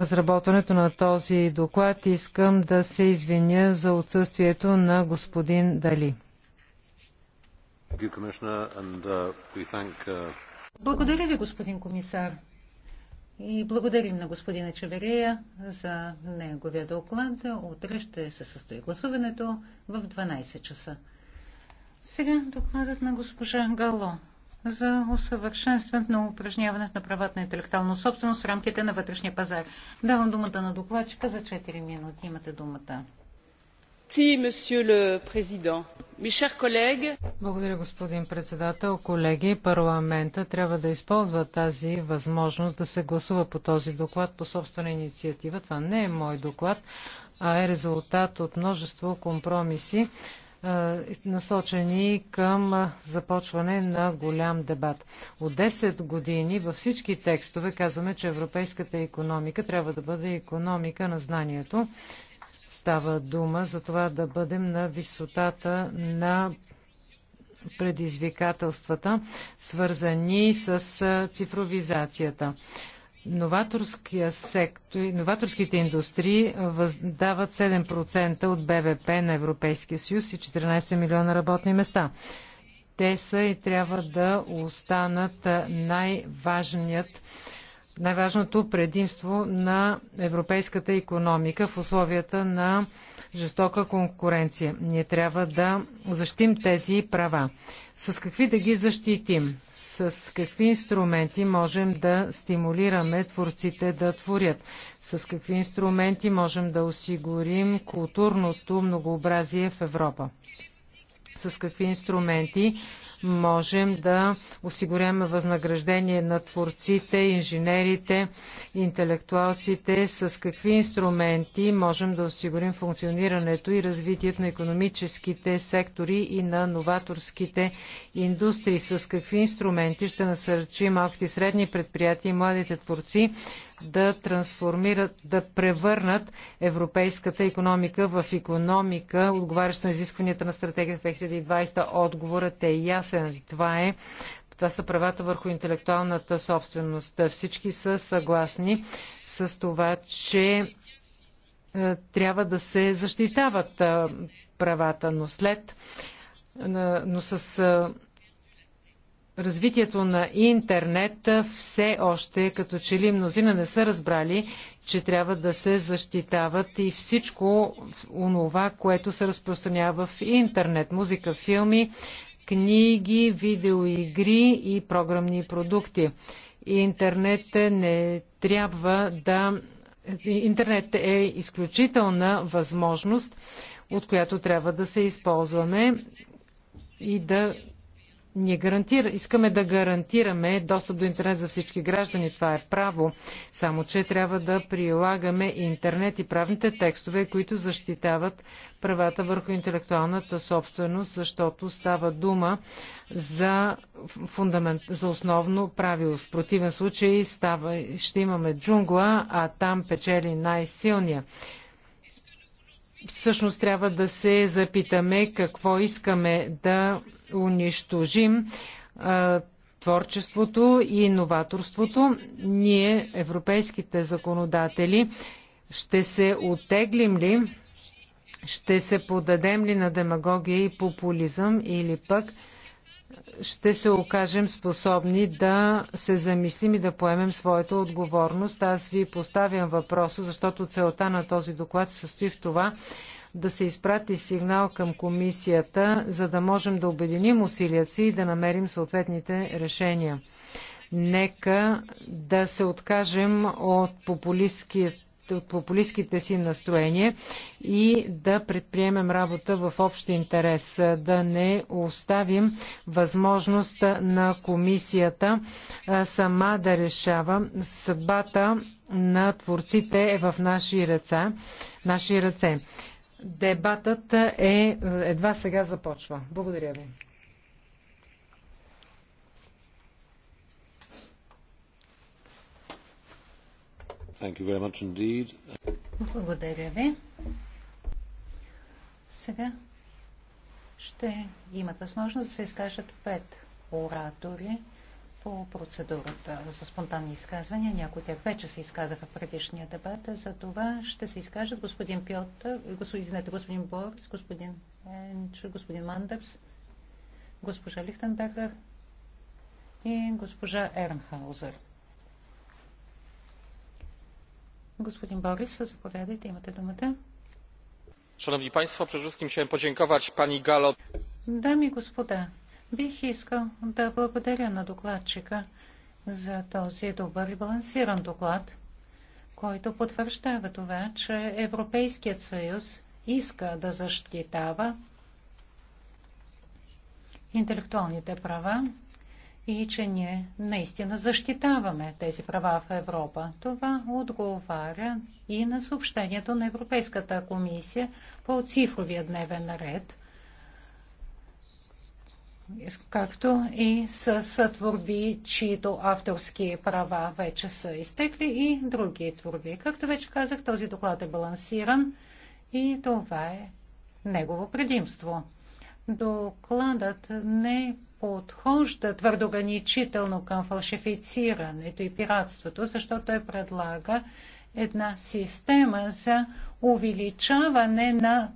разработването на този доклад. Искам да се извиня за отсъствието на господин Дали. Uh, uh, Благодаря ви, господин комисар. И благодарим на господина Чеверея за неговия доклад. Утре ще се състои гласуването в 12 часа. Сега докладът на госпожа Гало за усъвършенстването на упражняването на правата на интелектуална собственост в рамките на вътрешния пазар. Давам думата на докладчика за 4 минути. Имате думата. Благодаря, господин председател. Колеги, парламента трябва да използва тази възможност да се гласува по този доклад по собствена инициатива. Това не е мой доклад, а е резултат от множество компромиси насочени към започване на голям дебат. От 10 години във всички текстове казваме, че европейската економика трябва да бъде економика на знанието. Става дума за това да бъдем на висотата на предизвикателствата, свързани с цифровизацията. Новаторския сектор, новаторските индустрии дават 7% от БВП на Европейския съюз и 14 милиона работни места. Те са и трябва да останат най-важният най-важното предимство на европейската економика в условията на жестока конкуренция. Ние трябва да защитим тези права. С какви да ги защитим? с какви инструменти можем да стимулираме творците да творят, с какви инструменти можем да осигурим културното многообразие в Европа, с какви инструменти можем да осигуряме възнаграждение на творците, инженерите, интелектуалците, с какви инструменти можем да осигурим функционирането и развитието на економическите сектори и на новаторските индустрии, с какви инструменти ще насърчи малките и средни предприятия и младите творци да трансформират, да превърнат европейската економика в економика, отговаряща на изискванията на стратегията 2020. Отговорът е ясен. Това е това са правата върху интелектуалната собственост. Всички са съгласни с това, че е, трябва да се защитават е, правата, но след е, но с развитието на интернет все още, като че ли мнозина не са разбрали, че трябва да се защитават и всичко онова, което се разпространява в интернет. Музика, филми, книги, видеоигри и програмни продукти. Интернет не трябва да. Интернет е изключителна възможност, от която трябва да се използваме и да ние гарантира, искаме да гарантираме достъп до интернет за всички граждани. Това е право. Само, че трябва да прилагаме интернет и правните текстове, които защитават правата върху интелектуалната собственост, защото става дума за, фундамент, за основно правило. В противен случай става, ще имаме джунгла, а там печели най-силния всъщност трябва да се запитаме какво искаме да унищожим творчеството и новаторството. Ние, европейските законодатели, ще се отеглим ли, ще се подадем ли на демагогия и популизъм или пък ще се окажем способни да се замислим и да поемем своята отговорност. Аз ви поставям въпроса, защото целта на този доклад се състои в това да се изпрати сигнал към комисията, за да можем да обединим усилията си и да намерим съответните решения. Нека да се откажем от популистският от популистските си настроения и да предприемем работа в общ интерес, да не оставим възможност на комисията сама да решава съдбата на творците е в наши ръце. Наши ръце. Дебатът е едва сега започва. Благодаря ви. Благодаря ви. Сега ще имат възможност да се изкажат пет оратори по процедурата за спонтанни изказвания. Някои от тях вече се изказаха в предишния дебат. За това ще се изкажат господин Пьотър, господин, господин Борис, господин Енч, господин Мандърс, госпожа Лихтенбергер и госпожа Ернхаузер. Господин Борис, заповядайте, имате думата. Шановни Państwo, przede wszystkim chciałem podziękować Pani Galo. Дами и господа, бих искал да благодаря на докладчика за този добър и балансиран доклад, който потвърждава това, че Европейският съюз иска да защитава интелектуалните права и че ние наистина защитаваме тези права в Европа. Това отговаря и на съобщението на Европейската комисия по цифровия дневен ред, както и с творби, чието авторски права вече са изтекли и други творби. Както вече казах, този доклад е балансиран и това е негово предимство докладът не подхожда твърдо ограничително към фалшифицирането и пиратството, защото той предлага една система за увеличаване на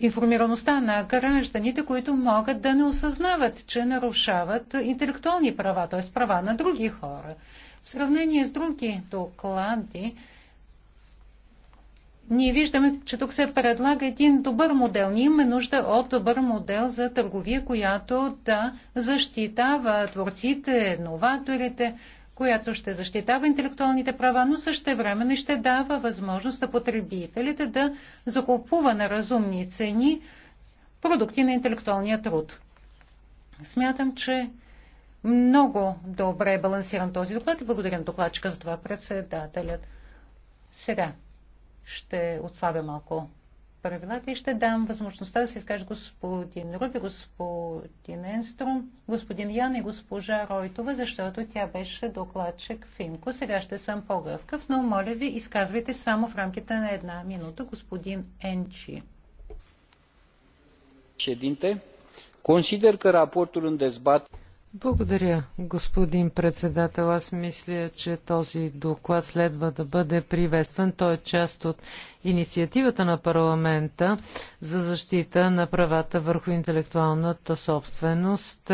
информираността на гражданите, които могат да не осъзнават, че нарушават интелектуални права, т.е. права на други хора. В сравнение с други доклади, ние виждаме, че тук се предлага един добър модел. Ние имаме нужда от добър модел за търговия, която да защитава творците, новаторите, която ще защитава интелектуалните права, но също време ще дава възможност на потребителите да закупува на разумни цени продукти на интелектуалния труд. Смятам, че много добре е балансиран този доклад и благодаря на докладчика за това председателят. Сега ще отслабя малко правилата и ще дам възможността да се изкаже господин Руби, господин Енструм, господин Ян и госпожа Ройтова, защото тя беше докладчик в Имко. Сега ще съм по-гъвкав, но моля ви, изказвайте само в рамките на една минута, господин Енчи. Ședinte, консидер că raportul în dezbatere благодаря, господин председател. Аз мисля, че този доклад следва да бъде приветстван. Той е част от инициативата на парламента за защита на правата върху интелектуалната собственост.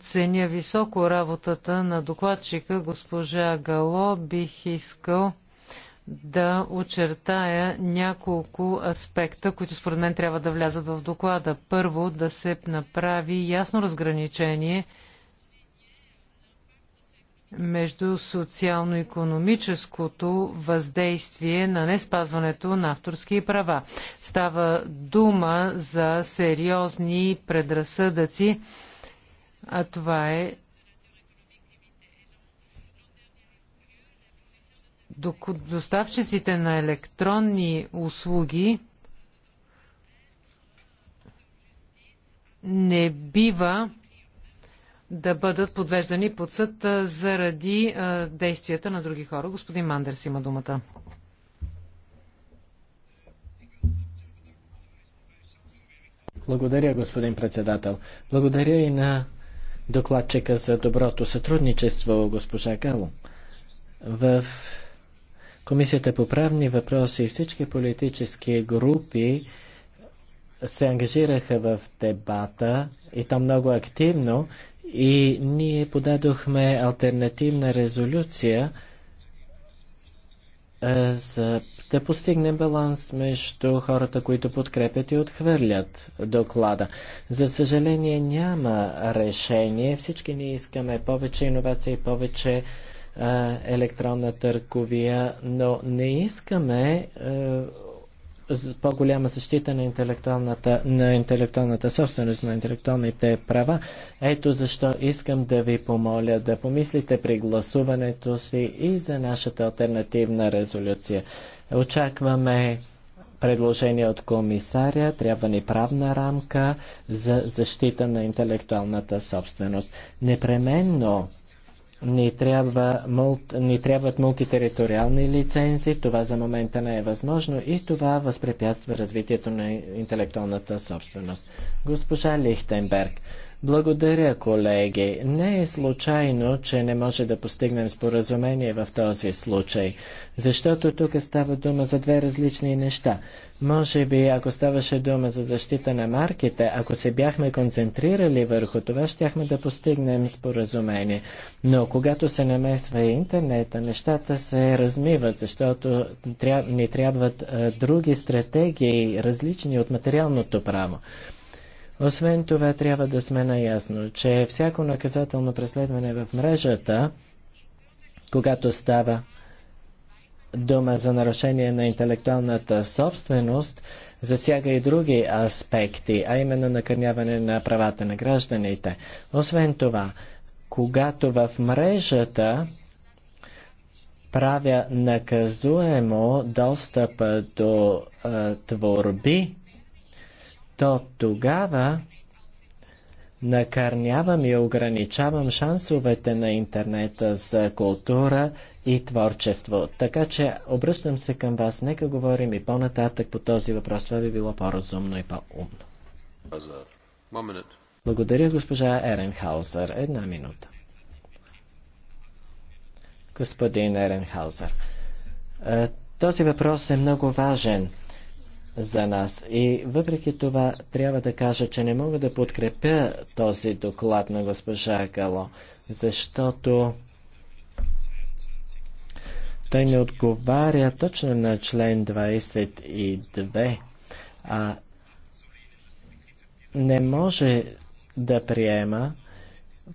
Ценя високо работата на докладчика госпожа Гало. Бих искал да очертая няколко аспекта, които според мен трябва да влязат в доклада. Първо, да се направи ясно разграничение между социално-економическото въздействие на неспазването на авторски права. Става дума за сериозни предразсъдъци, а това е доставчиците на електронни услуги не бива да бъдат подвеждани под съд заради действията на други хора. Господин Мандерс има думата. Благодаря, господин председател. Благодаря и на докладчика за доброто сътрудничество, госпожа Гало. В Комисията по правни въпроси и всички политически групи се ангажираха в дебата и то много активно и ние подадохме альтернативна резолюция за да постигнем баланс между хората, които подкрепят и отхвърлят доклада. За съжаление няма решение. Всички ние искаме повече иновации, повече електронна търговия, но не искаме по-голяма защита на интелектуалната, на интелектуалната собственост, на интелектуалните права. Ето защо искам да ви помоля да помислите при гласуването си и за нашата альтернативна резолюция. Очакваме предложение от комисаря, трябва ни правна рамка за защита на интелектуалната собственост. Непременно ни, трябва, ни трябват мултитериториални лицензи, това за момента не е възможно и това възпрепятства развитието на интелектуалната собственост. Госпожа Лихтенберг, благодаря, колеги. Не е случайно, че не може да постигнем споразумение в този случай, защото тук става дума за две различни неща. Може би, ако ставаше дума за защита на марките, ако се бяхме концентрирали върху това, щяхме да постигнем споразумение. Но когато се намесва и интернета, нещата се размиват, защото ни трябват други стратегии, различни от материалното право. Освен това, трябва да сме наясно, че всяко наказателно преследване в мрежата, когато става дума за нарушение на интелектуалната собственост, засяга и други аспекти, а именно накърняване на правата на гражданите. Освен това, когато в мрежата правя наказуемо достъпа до е, творби, то тогава накърнявам и ограничавам шансовете на интернета за култура и творчество. Така че обръщам се към вас, нека говорим и по-нататък по този въпрос. Това би било по-разумно и по-умно. Благодаря, госпожа Еренхаузер. Една минута. Господин Еренхаузер, е, този въпрос е много важен за нас. И въпреки това трябва да кажа, че не мога да подкрепя този доклад на госпожа Гало, защото той не отговаря точно на член 22, а не може да приема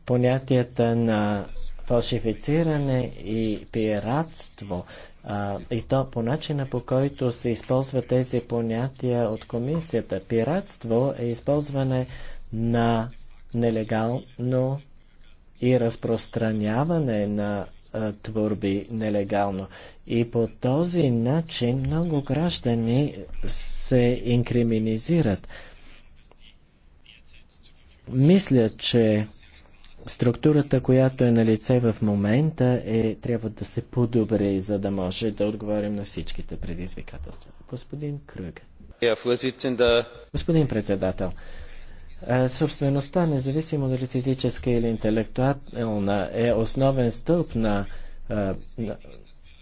понятията на фалшифициране и пиратство а, и то по начина по който се използва тези понятия от комисията. Пиратство е използване на нелегално и разпространяване на а, творби нелегално. И по този начин много граждани се инкриминизират. Мисля, че Структурата, която е на лице в момента, е, трябва да се подобри, за да може да отговорим на всичките предизвикателства. Господин Кръг. Господин председател, собствеността, независимо дали физическа или интелектуална, е основен стълб на, на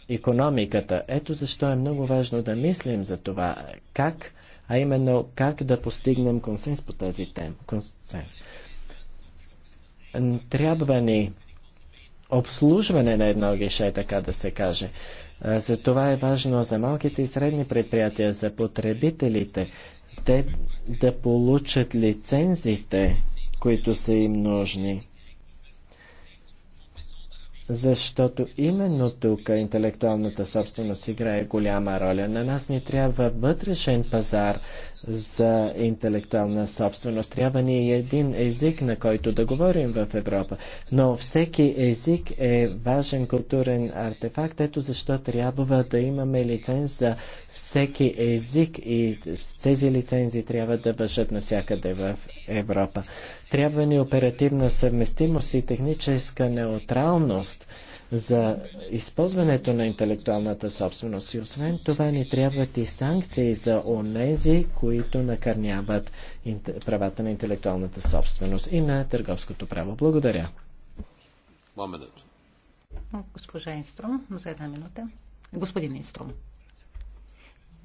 економиката. Ето защо е много важно да мислим за това как, а именно как да постигнем консенс по тази тема. Консенс. Трябва ни обслужване на едно гише, така да се каже. За това е важно за малките и средни предприятия, за потребителите, те да получат лицензите, които са им нужни защото именно тук интелектуалната собственост играе голяма роля. На нас ни трябва вътрешен пазар за интелектуална собственост. Трябва ни един език, на който да говорим в Европа. Но всеки език е важен културен артефакт. Ето защо трябва да имаме лиценз за всеки език и тези лицензии трябва да бъдат навсякъде в Европа. Трябва ни оперативна съвместимост и техническа неутралност за използването на интелектуалната собственост. И освен това ни трябват и санкции за онези, които накърняват правата на интелектуалната собственост и на търговското право. Благодаря. Госпожа Инструм, за една минута. Господин Инструм.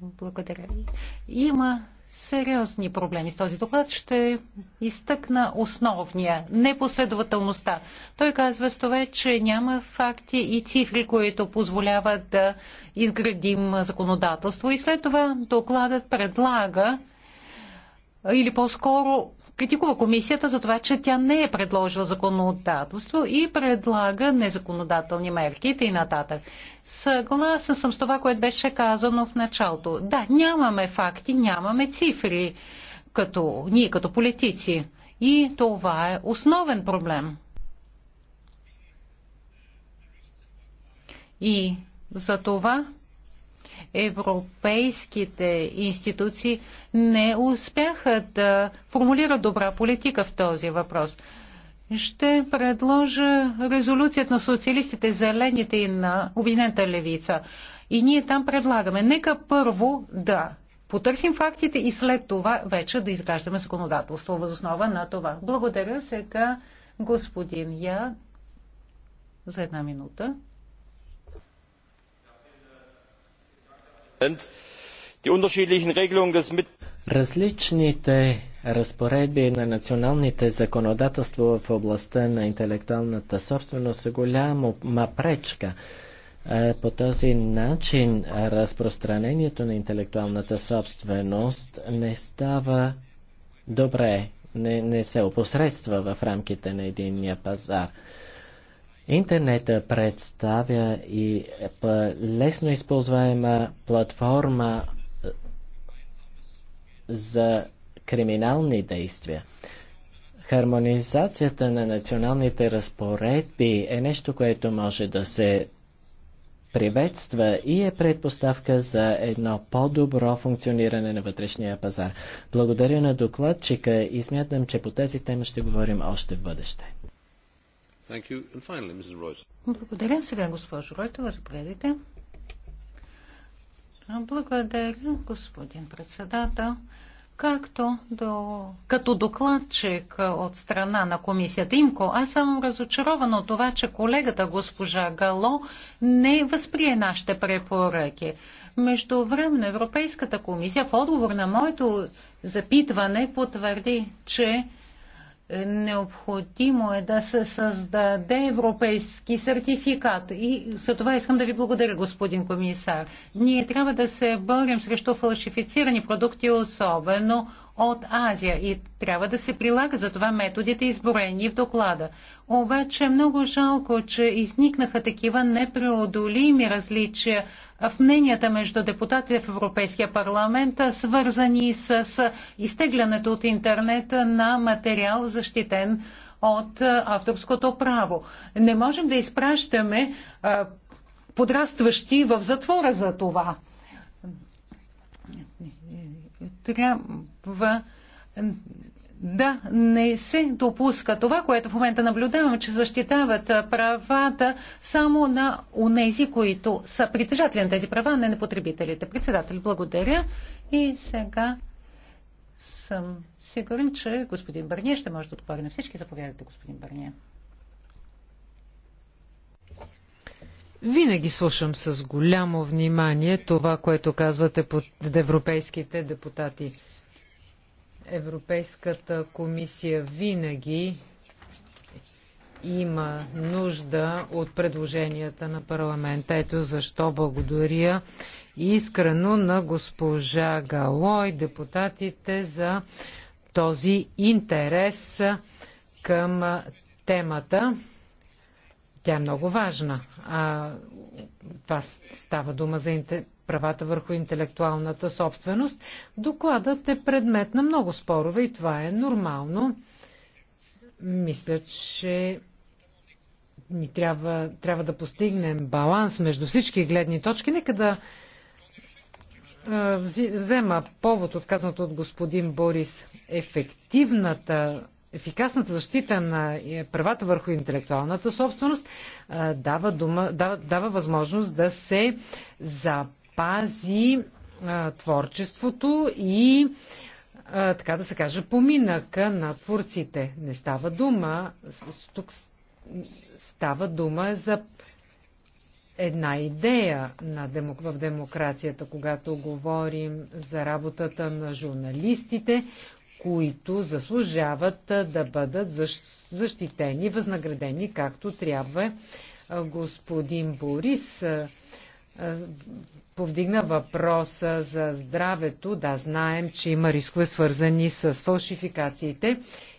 Благодаря. ви. Има сериозни проблеми с този доклад. Ще изтъкна основния – непоследователността. Той казва с това, че няма факти и цифри, които позволяват да изградим законодателство. И след това докладът предлага или по-скоро критикува комисията за това, че тя не е предложила законодателство и предлага незаконодателни мерки и нататък. Съгласен съм с това, което беше казано в началото. Да, нямаме факти, нямаме цифри, като, ние като политици. И това е основен проблем. И за това европейските институции не успяха да формулират добра политика в този въпрос. Ще предложа резолюцията на социалистите, зелените и на Обединената левица. И ние там предлагаме. Нека първо да потърсим фактите и след това вече да изграждаме законодателство възоснова на това. Благодаря сега господин Я за една минута. Различните разпоредби на националните законодателства в областта на интелектуалната собственост са голяма пречка. Е, по този начин разпространението на интелектуалната собственост не става добре, не, не се опосредства в рамките на единния пазар. Интернетът представя и лесно използваема платформа е, за криминални действия. Хармонизацията на националните разпоредби е нещо, което може да се приветства и е предпоставка за едно по-добро функциониране на вътрешния пазар. Благодаря на докладчика и смятам, че по тези теми ще говорим още в бъдеще. Finally, Благодаря. Сега, госпожо Ройтова, заповядайте. Благодаря, господин председател. Както до... като докладчик от страна на комисията Имко, аз съм разочарована от това, че колегата госпожа Гало не възприе нашите препоръки. Между време Европейската комисия в отговор на моето запитване потвърди, че Необходимо е да се създаде европейски сертификат. И за това искам да ви благодаря, господин комисар. Ние трябва да се борим срещу фалшифицирани продукти, особено от Азия и трябва да се прилагат за това методите, изборени в доклада. Обаче е много жалко, че изникнаха такива непреодолими различия в мненията между депутатите в Европейския парламент, свързани с изтеглянето от интернета на материал защитен от авторското право. Не можем да изпращаме подрастващи в затвора за това трябва да не се допуска това, което в момента наблюдаваме, че защитават правата само на унези, които са притежатели на тези права, а не на потребителите. Председател, благодаря. И сега съм сигурен, че господин Бърния ще може да отговори на всички. Заповядайте, господин Бърния. Винаги слушам с голямо внимание това, което казвате под европейските депутати. Европейската комисия винаги има нужда от предложенията на парламента. Ето защо благодаря искрено на госпожа Гало и депутатите за този интерес към темата. Тя е много важна. А, това става дума за правата върху интелектуалната собственост. Докладът е предмет на много спорове и това е нормално. Мисля, че ни трябва, трябва да постигнем баланс между всички гледни точки. Нека да взема повод отказаното от господин Борис. Ефективната ефикасната защита на е, правата върху интелектуалната собственост е, дава, дума, дава, дава възможност да се запази е, творчеството и така да се каже, поминъка на творците. Не става дума, тук става дума за една идея на демок... в демокрацията, когато говорим за работата на журналистите, които заслужават да бъдат защитени, възнаградени както трябва. Господин Борис е, повдигна въпроса за здравето. Да, знаем, че има рискове свързани с фалшификациите.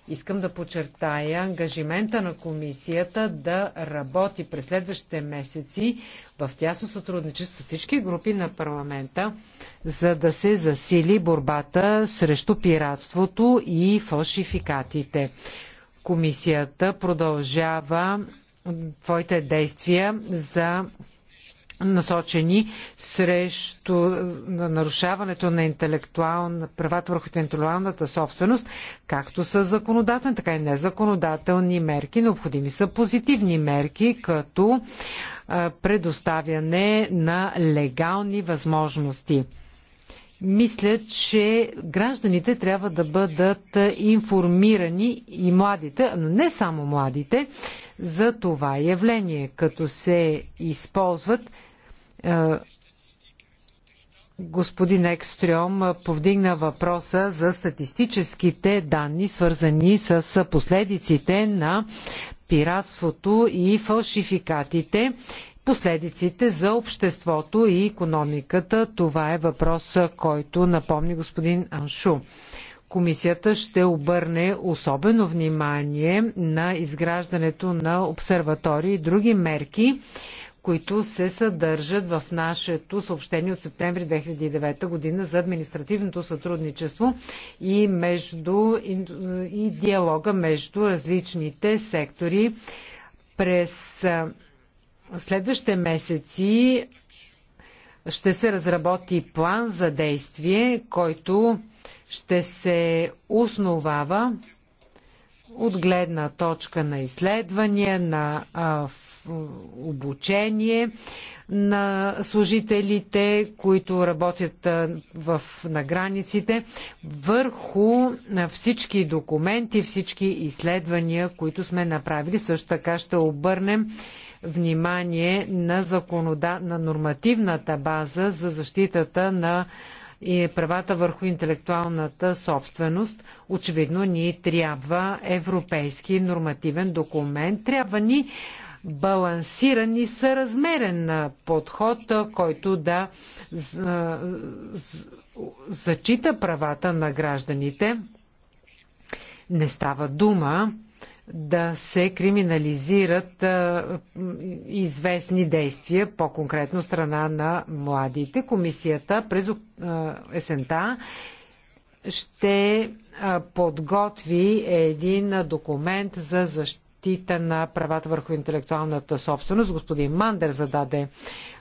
Искам да подчертая ангажимента на комисията да работи през следващите месеци в тясно сътрудничество с всички групи на парламента, за да се засили борбата срещу пиратството и фалшификатите. Комисията продължава твоите действия за насочени срещу нарушаването на интелектуална, правата върху интелектуалната собственост, както са законодателни, така и незаконодателни мерки. Необходими са позитивни мерки, като предоставяне на легални възможности. Мисля, че гражданите трябва да бъдат информирани и младите, но не само младите, за това явление, като се използват е, господин Екстрем повдигна въпроса за статистическите данни, свързани с последиците на пиратството и фалшификатите, последиците за обществото и економиката. Това е въпрос, който напомни господин Аншу. Комисията ще обърне особено внимание на изграждането на обсерватории и други мерки, които се съдържат в нашето съобщение от септември 2009 година за административното сътрудничество и, между, и диалога между различните сектори. През следващите месеци ще се разработи план за действие, който ще се основава от гледна точка на изследвания, на а, в, обучение на служителите, които работят а, в, на границите, върху на всички документи, всички изследвания, които сме направили. Също така ще обърнем внимание на, законода, на нормативната база за защитата на и правата върху интелектуалната собственост. Очевидно ни трябва европейски нормативен документ. Трябва ни балансиран и съразмерен подход, който да зачита правата на гражданите. Не става дума да се криминализират известни действия, по-конкретно страна на младите. Комисията през есента ще подготви един документ за защита на правата върху интелектуалната собственост. Господин Мандер зададе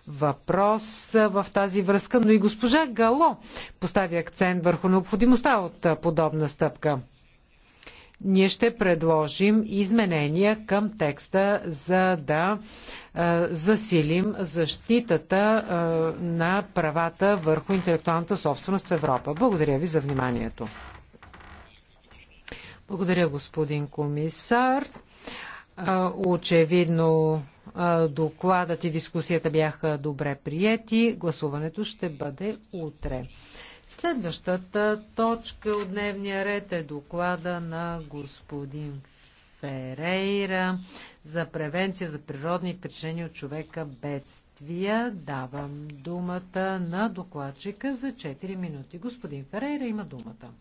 въпрос в тази връзка, но и госпожа Гало постави акцент върху необходимостта от подобна стъпка ние ще предложим изменения към текста, за да засилим защитата на правата върху интелектуалната собственост в Европа. Благодаря ви за вниманието. Благодаря, господин комисар. Очевидно докладът и дискусията бяха добре приети. Гласуването ще бъде утре. Следващата точка от дневния ред е доклада на господин Ферейра за превенция за природни причини от човека бедствия. Давам думата на докладчика за 4 минути. Господин Ферейра има думата.